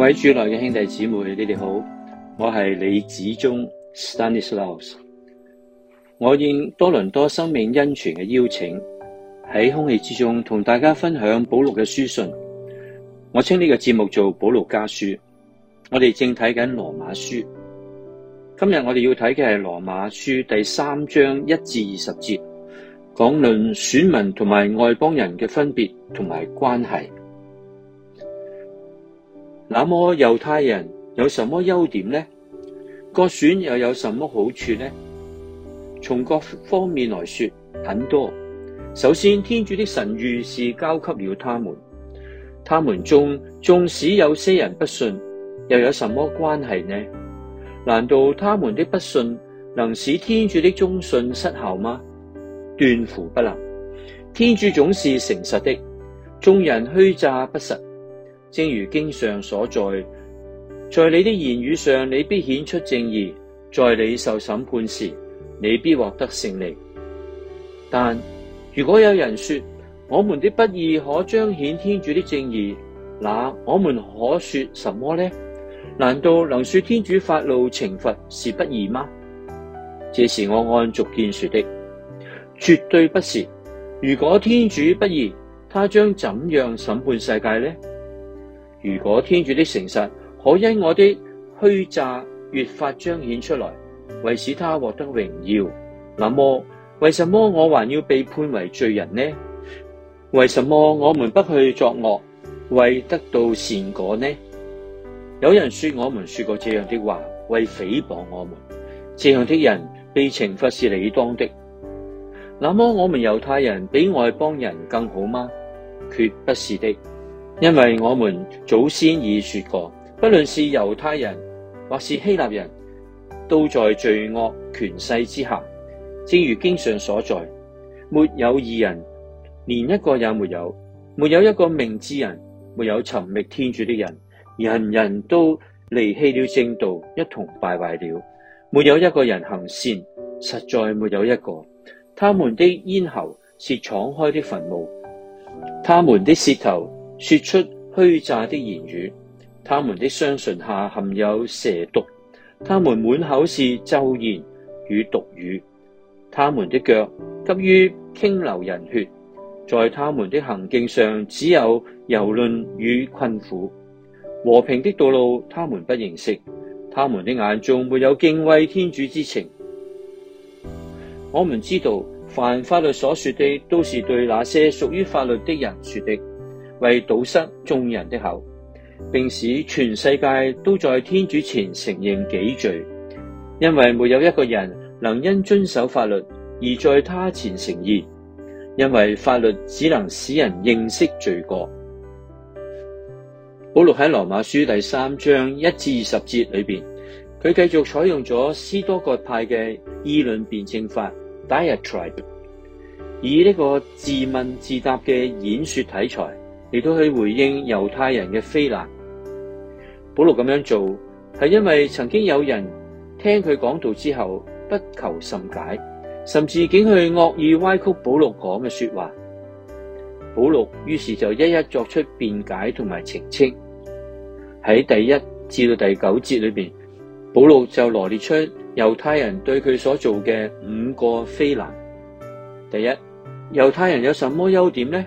各位主內嘅兄弟姊妹，你哋好，我係李子忠 Stanislaus。我應多倫多生命恩泉嘅邀請，喺空氣之中同大家分享保祿嘅書信。我稱呢個節目做保祿家書。我哋正睇緊羅馬書，今日我哋要睇嘅係羅馬書第三章一至二十節，講論選民同埋外邦人嘅分別同埋關係。那麼猶太人有什麼優點呢？割損又有什麼好處呢？從各方面來說，很多。首先，天主的神諭是交給了他們，他們中縱，縱使有些人不信，又有什麼關係呢？難道他們的不信能使天主的忠信失效嗎？斷乎不能。天主總是誠實的，眾人虛詐不實。正如經上所載，在你的言語上，你必顯出正義；在你受審判時，你必獲得勝利。但如果有人說，我們的不義可彰顯天主的正義，那我們可說什麼呢？難道能說天主發怒懲罰是不義嗎？這是我按俗見說的，絕對不是。如果天主不義，他將怎樣審判世界呢？如果天主的誠實可因我的虛詐越發彰顯出來，為使他獲得榮耀，那麼為什麼我還要被判為罪人呢？為什麼我們不去作惡，為得到善果呢？有人說我們說過這樣的話，為誹謗我們，這樣的人被懲罰是理當的。那麼我們猶太人比外邦人更好嗎？決不是的。因為我們早先已說過，不論是猶太人或是希臘人，都在罪惡權勢之下。正如經上所載，沒有義人，連一個也沒有，沒有一個明智人，沒有尋覓天主的人，人人都離棄了正道，一同敗壞了。沒有一個人行善，實在沒有一個。他們的咽喉是敞開的墳墓，他們的舌頭，說出虛詐的言語，他們的雙唇下含有蛇毒，他們滿口是咒言與毒語，他們的腳急於傾流人血，在他們的行徑上只有蹂躪與困苦，和平的道路他們不認識，他們的眼中沒有敬畏天主之情。我們知道，凡法律所說的，都是對那些屬於法律的人說的。為堵塞眾人的口，並使全世界都在天主前承認己罪，因為沒有一個人能因遵守法律而在他前成義，因為法律只能使人認識罪過。保祿喺羅馬書第三章一至二十節裏邊，佢繼續採用咗斯多噶派嘅議論辯證法 （diatribe），以呢個自問自答嘅演說題材。亦都去回應猶太人嘅非難。保祿咁樣做係因為曾經有人聽佢講道之後不求甚解，甚至竟去惡意歪曲保祿講嘅說的話。保祿於是就一一作出辯解同埋澄清。喺第一至到第九節裏邊，保祿就羅列出猶太人對佢所做嘅五個非難。第一，猶太人有什麼優點呢？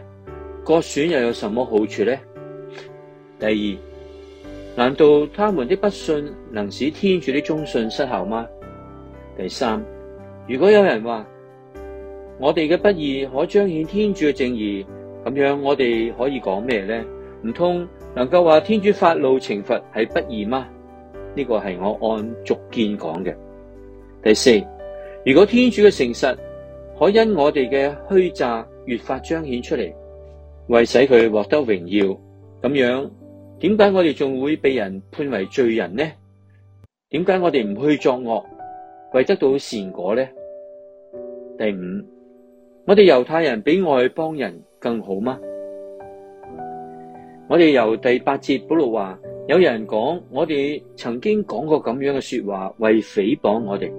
割損又有什麼好處呢？第二，難道他們的不信能使天主的忠信失效嗎？第三，如果有人話我哋嘅不義可彰顯天主嘅正義，咁樣我哋可以講咩呢？唔通能夠話天主發怒懲罰係不義嗎？呢個係我按俗見講嘅。第四，如果天主嘅誠實可因我哋嘅虛詐越發彰顯出嚟。為使佢獲得榮耀，咁樣點解我哋仲會被人判為罪人呢？點解我哋唔去作惡，為得到善果呢？第五，我哋猶太人比外邦人更好嗎？我哋由第八節保祿話，有人講我哋曾經講過咁樣嘅說話，為誹謗我哋。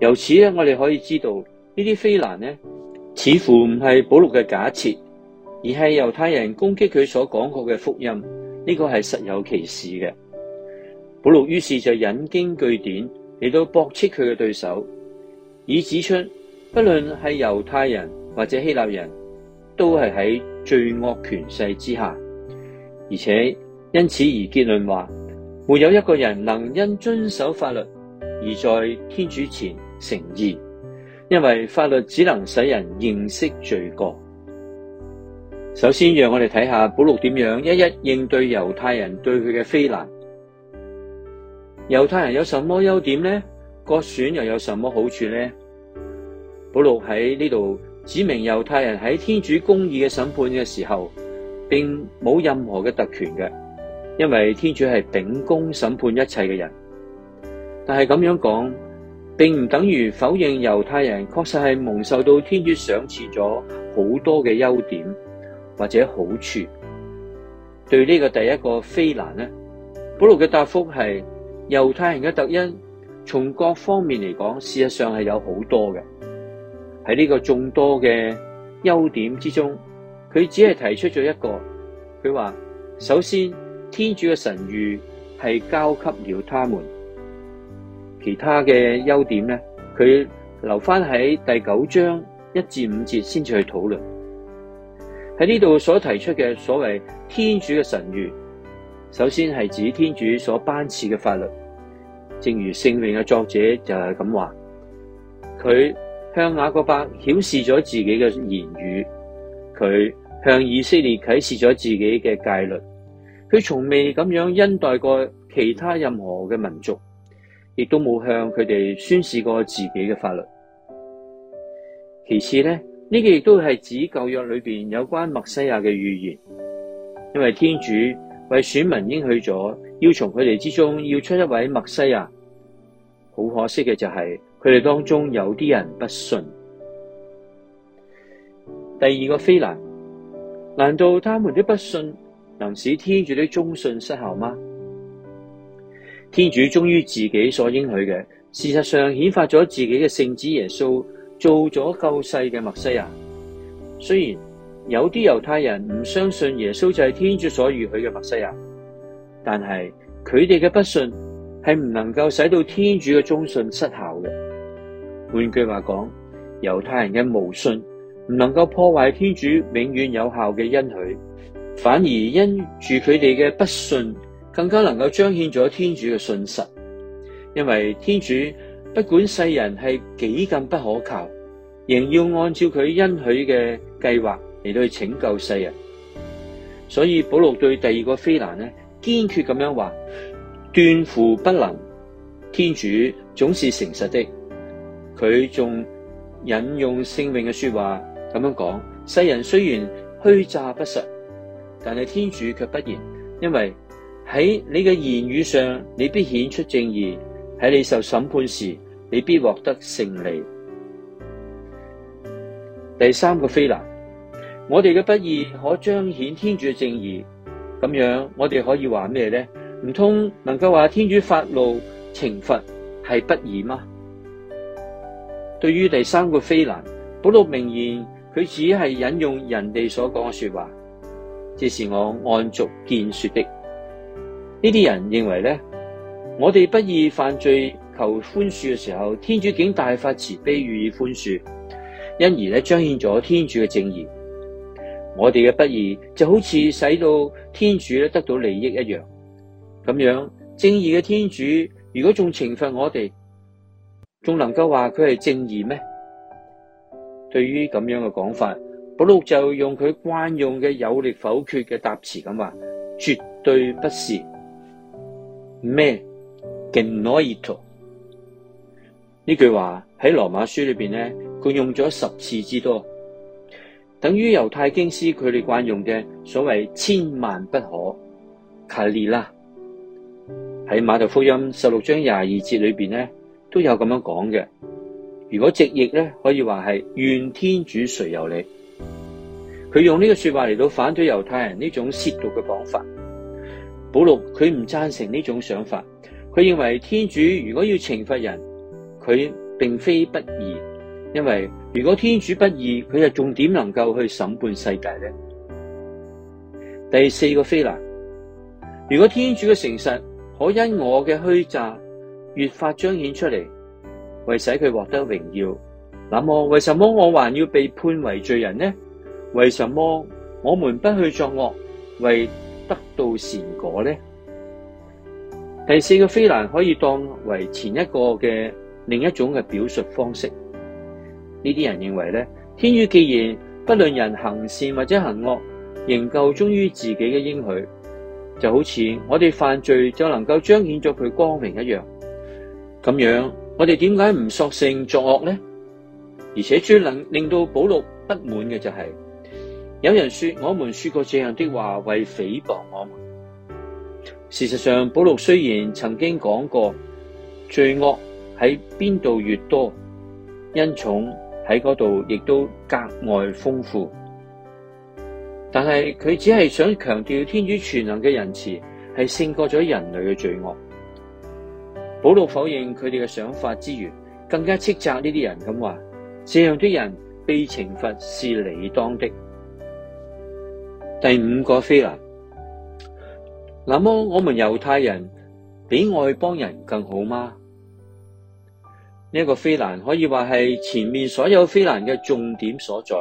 由此呢，我哋可以知道呢啲非難呢，似乎唔係保祿嘅假設。而係猶太人攻擊佢所講過嘅福音，呢、這個係實有其事嘅。保祿於是就引經據典嚟到駁斥佢嘅對手，以指出不論係猶太人或者希臘人都係喺罪惡權勢之下，而且因此而結論話，沒有一個人能因遵守法律而在天主前成義，因為法律只能使人認識罪過。首先，讓我哋睇下保祿點樣一一應對猶太人對佢嘅非難。猶太人有什麼優點呢？割損又有什麼好處呢？保祿喺呢度指明猶太人喺天主公義嘅審判嘅時候，並冇任何嘅特權嘅，因為天主係秉公審判一切嘅人。但係咁樣講，並唔等於否認猶太人確實係蒙受到天主賞賜咗好多嘅優點。或者好處，對呢個第一個非難咧，保祿嘅答覆係猶太人嘅特恩，從各方面嚟講，事實上係有好多嘅。喺呢個眾多嘅優點之中，佢只係提出咗一個，佢話首先天主嘅神諭係交給了他們，其他嘅優點咧，佢留翻喺第九章一至五節先至去討論。喺呢度所提出嘅所謂天主嘅神諭，首先係指天主所頒賜嘅法律。正如聖詠嘅作者就係咁話，佢向雅各伯顯示咗自己嘅言語，佢向以色列啟示咗自己嘅誡律。佢從未咁樣恩待過其他任何嘅民族，亦都冇向佢哋宣示過自己嘅法律。其次咧。呢個亦都係指舊約裏邊有關默西亞嘅預言，因為天主為選民應許咗，要從佢哋之中要出一位默西亞。好可惜嘅就係佢哋當中有啲人不信。第二個非難，難道他們嘅不信能使天主的忠信失效嗎？天主忠於自己所應許嘅，事實上遣發咗自己嘅聖子耶穌。做咗救世嘅默西亞，雖然有啲猶太人唔相信耶穌就係天主所預許嘅默西亞，但係佢哋嘅不信係唔能夠使到天主嘅忠信失效嘅。換句話講，猶太人嘅無信唔能夠破壞天主永遠有效嘅恩許，反而因住佢哋嘅不信，更加能夠彰顯咗天主嘅信實，因為天主。不管世人係幾咁不可靠，仍要按照佢恩許嘅計劃嚟到去拯救世人。所以保祿對第二個非難呢，堅決咁樣話斷乎不能。天主總是誠實的。佢仲引用聖詠嘅說話咁樣講：世人雖然虛詐不實，但係天主卻不然，因為喺你嘅言語上，你必顯出正義；喺你受審判時。你必獲得勝利。第三個非難：我哋嘅不義可彰顯天主嘅正義。咁樣我哋可以話咩咧？唔通能夠話天主發怒、懲罰係不義嗎？對於第三個非難，保祿明言佢只係引用人哋所講嘅說的話，這是我按俗見說的。呢啲人認為咧。我哋不義犯罪求寬恕嘅時候，天主竟大發慈悲予以寬恕，因而咧彰顯咗天主嘅正義。我哋嘅不義就好似使到天主咧得到利益一樣，咁樣正義嘅天主如果仲懲罰我哋，仲能夠話佢係正義咩？對於咁樣嘅講法，保祿就用佢慣用嘅有力否決嘅答詞咁話：絕對不是咩？敬我熱圖呢句話喺羅馬書裏邊咧，佢用咗十次之多，等於猶太經師佢哋慣用嘅所謂千萬不可卡列啦。喺瑪竇福音十六章廿二節裏邊咧，都有咁樣講嘅。如果直譯咧，可以話係願天主垂佑你？佢用呢個說話嚟到反對猶太人呢種褻瀆嘅講法。保祿佢唔讚成呢種想法。佢認為天主如果要懲罰人，佢並非不義，因為如果天主不義，佢又仲點能夠去審判世界咧？第四個非難：如果天主嘅誠實可因我嘅虛詐越發彰顯出嚟，為使佢獲得榮耀，那麼為什麼我還要被判為罪人呢？為什麼我們不去作惡，為得到善果呢？第四個非難可以當為前一個嘅另一種嘅表述方式。呢啲人認為咧，天主既然不論人行善或者行惡，仍舊忠於自己嘅應許，就好似我哋犯罪就能夠彰顯咗佢光明一樣。咁樣我哋點解唔索性作惡呢？而且最能令到保祿不滿嘅就係、是，有人說我們說過這樣的話，為誹謗我們。事實上，保禄雖然曾經講過罪惡喺邊度越多，恩寵喺嗰度亦都格外豐富。但係佢只係想強調天主全能嘅仁慈係勝過咗人類嘅罪惡。保禄否認佢哋嘅想法之餘，更加斥責呢啲人咁話：，這樣的，人被懲罰是理當的。第五個非難。那麼我們猶太人比外邦人更好嗎？呢、這個非難可以話係前面所有非難嘅重點所在。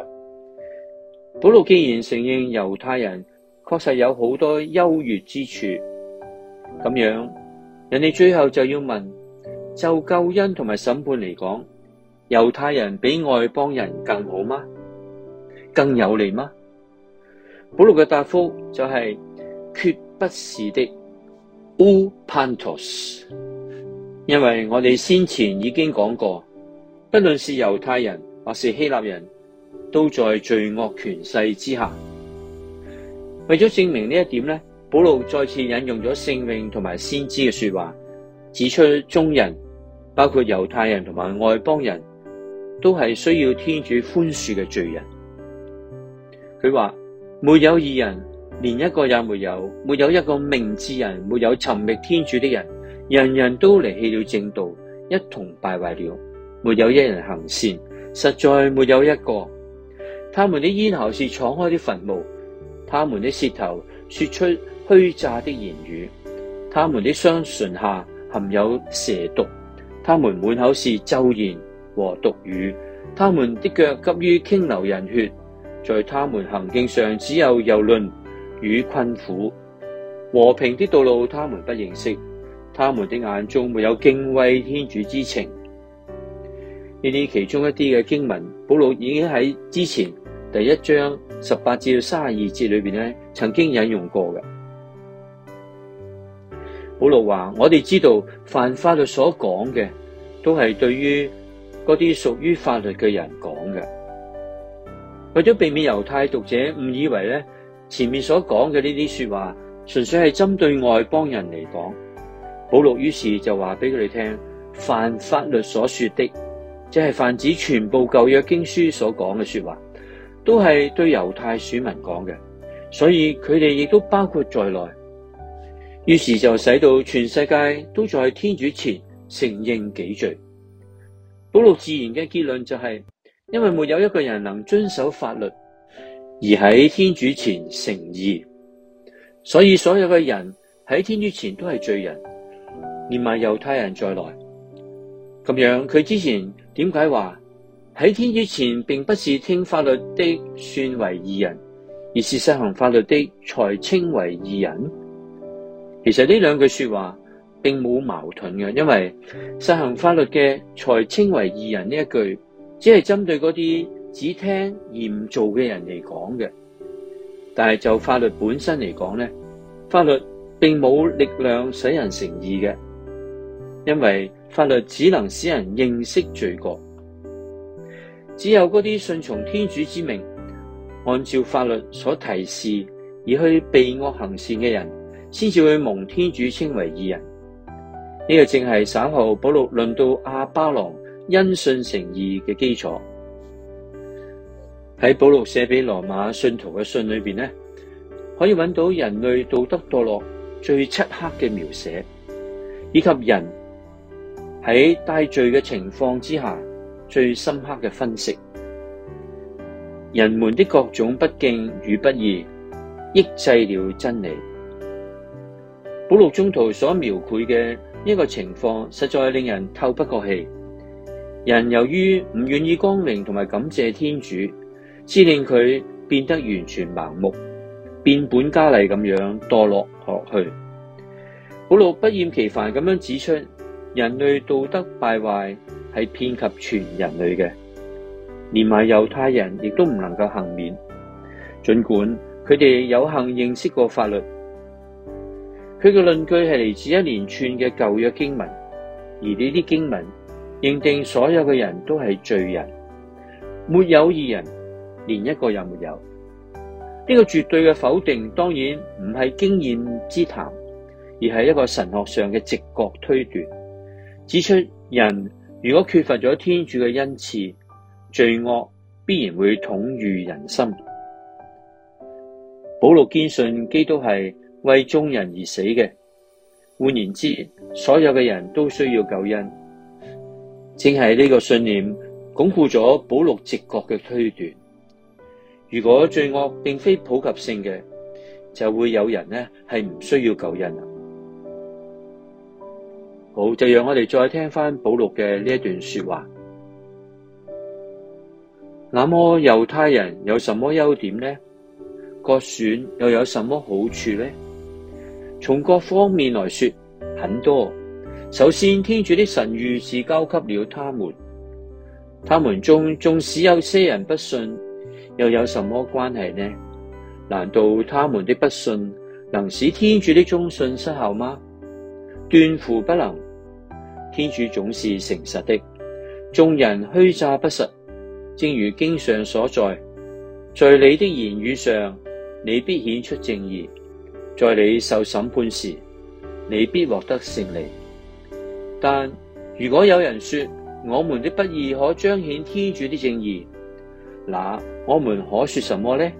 保祿既然承認猶太人確實有好多優越之處，咁樣人哋最後就要問：就救恩同埋審判嚟講，猶太人比外邦人更好嗎？更有利嗎？保祿嘅答覆就係、是。決不是的烏 pantos，因為我哋先前已經講過，不論是猶太人或是希臘人，都在罪惡權勢之下。為咗證明呢一點咧，保祿再次引用咗聖詠同埋先知嘅說話，指出眾人，包括猶太人同埋外邦人，都係需要天主寬恕嘅罪人。佢話沒有義人。連一個也沒有，沒有一個明智人，沒有尋覓天主的人，人人都離棄了正道，一同敗壞了，沒有一人行善，實在沒有一個。他們的咽喉是敞開的墳墓，他們的舌頭說出虛詐的言語，他們的雙唇下含有蛇毒，他們滿口是咒言和毒語，他們的腳急於傾流人血，在他們行徑上只有蹂躪，與困苦，和平的道路，他們不認識，他們的眼中沒有敬畏天主之情。呢啲其中一啲嘅經文，保祿已經喺之前第一章十八至到三十二節裏邊咧，曾經引用過嘅。保祿話：我哋知道，凡法律所講嘅，都係對於嗰啲屬於法律嘅人講嘅。為咗避免猶太讀者誤以為咧。前面所講嘅呢啲說話，純粹係針對外邦人嚟講。保祿於是就話俾佢哋聽，凡法律所說的，即係泛指全部舊約經書所講嘅說話，都係對猶太選民講嘅，所以佢哋亦都包括在內。於是就使到全世界都在天主前承認己罪。保祿自然嘅結論就係、是，因為沒有一個人能遵守法律。而喺天主前成義，所以所有嘅人喺天主前都係罪人，連埋猶太人在內。咁樣佢之前點解話喺天主前並不是聽法律的算為義人，而是實行法律的才稱為義人？其實呢兩句說話並冇矛盾嘅，因為實行法律嘅才稱為義人呢一句，只係針對嗰啲，只聽而唔做嘅人嚟講嘅，但係就法律本身嚟講咧，法律並冇力量使人誠意成義嘅，因為法律只能使人認識罪過。只有嗰啲順從天主之命，按照法律所提示而去避惡行善嘅人，先至會蒙天主稱為義人。呢、這個正係稍後保祿論到亞巴郎因信成義嘅基礎。喺保祿寫俾羅馬信徒嘅信裏邊呢，可以搵到人類道德墮落最漆黑嘅描寫，以及人喺帶罪嘅情況之下最深刻嘅分析。人們的各種不敬與不義，抑制了真理。保祿中途所描繪嘅呢個情況，實在令人透不過氣。人由於唔願意光明同埋感謝天主，致令佢變得完全盲目，變本加厲咁樣墮落落去。保羅不厭其煩咁樣指出，人類道德敗壞係遍及全人類嘅，連埋猶太人亦都唔能夠幸免。盡管佢哋有幸認識過法律，佢嘅論據係嚟自一連串嘅舊約經文，而呢啲經文認定所有嘅人都係罪人，沒有義人。連一個也沒有呢。這個絕對嘅否定，當然唔係經驗之談，而係一個神學上嘅直覺推斷，指出人如果缺乏咗天主嘅恩賜，罪惡必然會統御人心。保祿堅信基督係為眾人而死嘅，換言之，所有嘅人都需要救恩。正係呢個信念鞏固咗保祿直覺嘅推斷。如果罪惡並非普及性嘅，就會有人呢係唔需要救恩啦。好，就讓我哋再聽翻保祿嘅呢一段說話。那麼猶太人有什麼優點呢？割損又有什麼好處呢？從各方面來說，很多。首先，天主的神諭是交給了他們，他們中縱使有些人不信。又有什麼關係呢？難道他們的不信能使天主的忠信失效嗎？斷乎不能。天主總是誠實的。眾人虛詐不實，正如經上所載。在你的言語上，你必顯出正義；在你受審判時，你必獲得勝利。但如果有人說我們的不義可彰顯天主的正義，那我們可說什麼呢？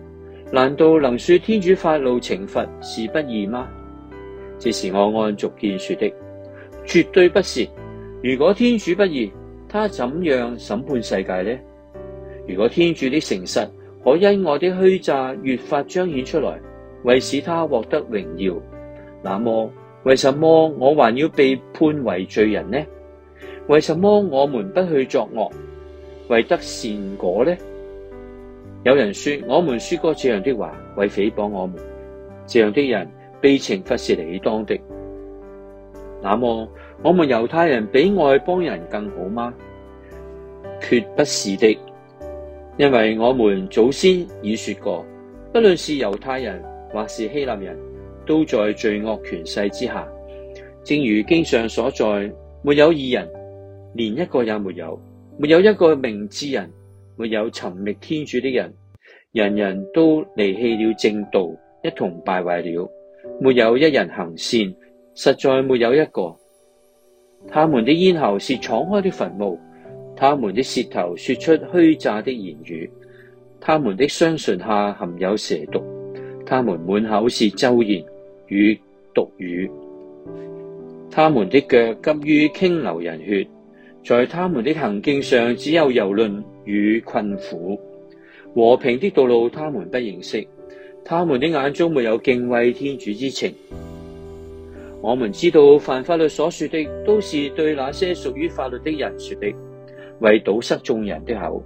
難道能說天主發怒懲罰是不義嗎？這是我按俗見說的，絕對不是。如果天主不義，他怎樣審判世界呢？如果天主的誠實可因我的虛詐越發彰顯出來，為使他獲得榮耀，那麼為什麼我還要被判為罪人呢？為什麼我們不去作惡，為得善果呢？有人說我們說過這樣的話，為誹謗我們這樣的人，被懲罰是理當的。那麼，我們猶太人比外邦人更好嗎？決不是的，因為我們祖先已說過，不論是猶太人或是希臘人，都在罪惡權勢之下。正如經上所載，沒有義人，連一個也沒有，沒有一個明智人。沒有尋覓天主的人，人人都離棄了正道，一同敗壞了。沒有一人行善，實在沒有一個。他們的咽喉是敞開的墳墓，他們的舌頭說出虛詐的言語，他們的雙唇下含有蛇毒，他們滿口是咒言與毒語。他們的腳急於傾流人血，在他們的行徑上只有蹂躪與困苦，和平的道路，他們不認識，他們的眼中沒有敬畏天主之情。我們知道，凡法律所說的都是對那些屬於法律的人說的，為堵塞眾人的口，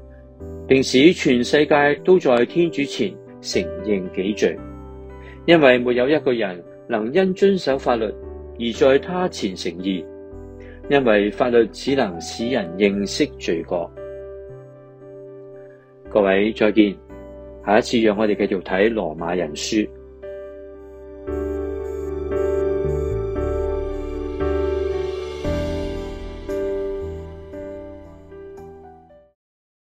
並使全世界都在天主前承認己罪，因為沒有一個人能因遵守法律而在他前成義，因為法律只能使人認識罪過。各位，再見！下一次讓我哋繼續睇《羅馬人書》。